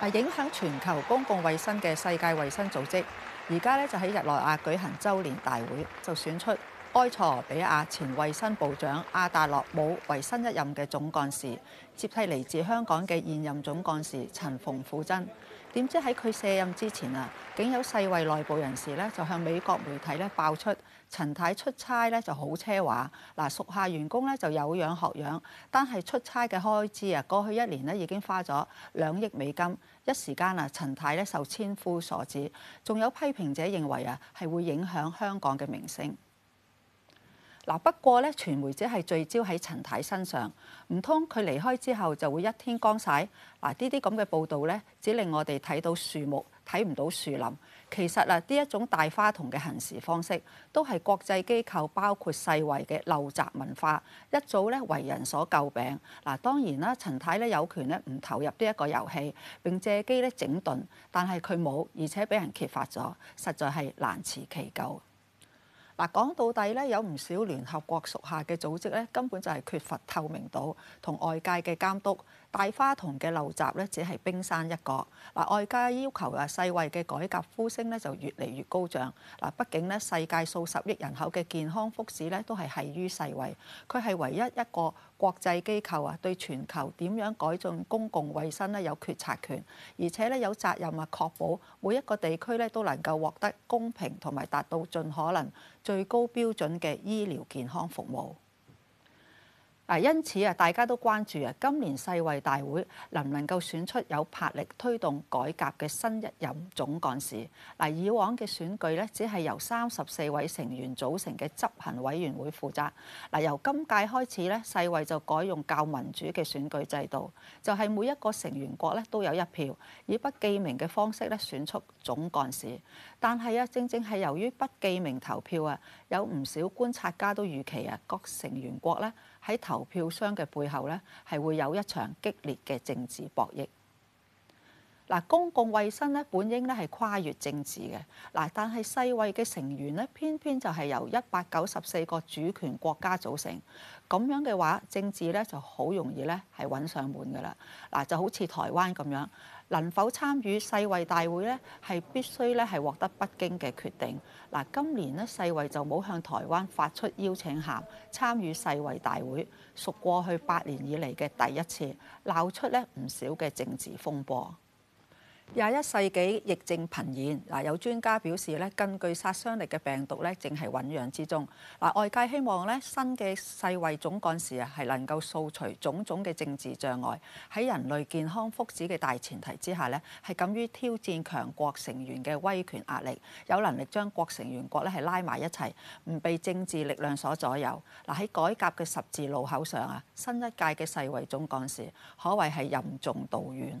啊！影響全球公共衛生嘅世界衛生組織，而家呢就喺日內瓦舉行周年大會，就選出埃塞俄比亞前衛生部長阿達諾姆為新一任嘅總幹事，接替嚟自香港嘅現任總幹事陳馮富珍。點知喺佢卸任之前啊，竟有世衞內部人士咧就向美國媒體咧爆出陳太出差咧就好奢華嗱，屬下員工咧就有樣學樣，但係出差嘅開支啊，過去一年咧已經花咗兩億美金，一時間啊，陳太咧受千夫所指，仲有批評者認為啊，係會影響香港嘅名聲。不過咧，傳媒只係聚焦喺陳太身上，唔通佢離開之後就會一天光晒？嗱，呢啲咁嘅報導咧，只令我哋睇到樹木，睇唔到樹林。其實啊，呢一種大花筒嘅行事方式，都係國際機構包括世衞嘅陋習文化，一早咧為人所詬病。嗱，當然啦，陳太咧有權咧唔投入呢一個遊戲，並借機咧整頓。但係佢冇，而且俾人揭發咗，實在係難辭其咎。嗱，講到底咧，有唔少聯合國屬下嘅組織咧，根本就係缺乏透明度同外界嘅監督。大花童嘅陋習呢，只係冰山一角。嗱，外界要求啊，世衛嘅改革呼聲呢，就越嚟越高漲。嗱，畢竟呢，世界數十億人口嘅健康福祉呢，都係繫於世衛，佢係唯一一個國際機構啊，對全球點樣改進公共衛生呢，有決策權，而且呢，有責任啊，確保每一個地區呢，都能夠獲得公平同埋達到盡可能最高標準嘅醫療健康服務。啊，因此啊，大家都關注啊，今年世衞大會能唔能夠選出有魄力推動改革嘅新一任總幹事嗱。以往嘅選舉咧，只係由三十四位成員組成嘅執行委員會負責嗱。由今屆開始咧，世衞就改用較民主嘅選舉制度，就係每一個成員國咧都有一票，以不記名嘅方式咧選出總幹事。但係啊，正正係由於不記名投票啊，有唔少觀察家都預期啊，各成員國咧。喺投票箱嘅背後呢，係會有一場激烈嘅政治博弈。嗱，公共衛生咧本應咧係跨越政治嘅嗱，但係世衞嘅成員咧偏偏就係由一百九十四個主權國家組成，咁樣嘅話，政治咧就好容易咧係揾上門噶啦嗱，就好似台灣咁樣，能否參與世衞大會咧係必須咧係獲得北京嘅決定嗱。今年咧世衞就冇向台灣發出邀請函參與世衞大會，屬過去八年以嚟嘅第一次，鬧出咧唔少嘅政治風波。廿一世紀疫症頻現，嗱有專家表示咧，更具殺傷力嘅病毒咧正係醖釀之中。嗱，外界希望咧新嘅世衛總幹事啊，係能夠掃除種種嘅政治障礙，喺人類健康福祉嘅大前提之下咧，係敢於挑戰強國成員嘅威權壓力，有能力將國成員國咧係拉埋一齊，唔被政治力量所左右。嗱喺改革嘅十字路口上啊，新一屆嘅世衛總幹事可謂係任重道遠。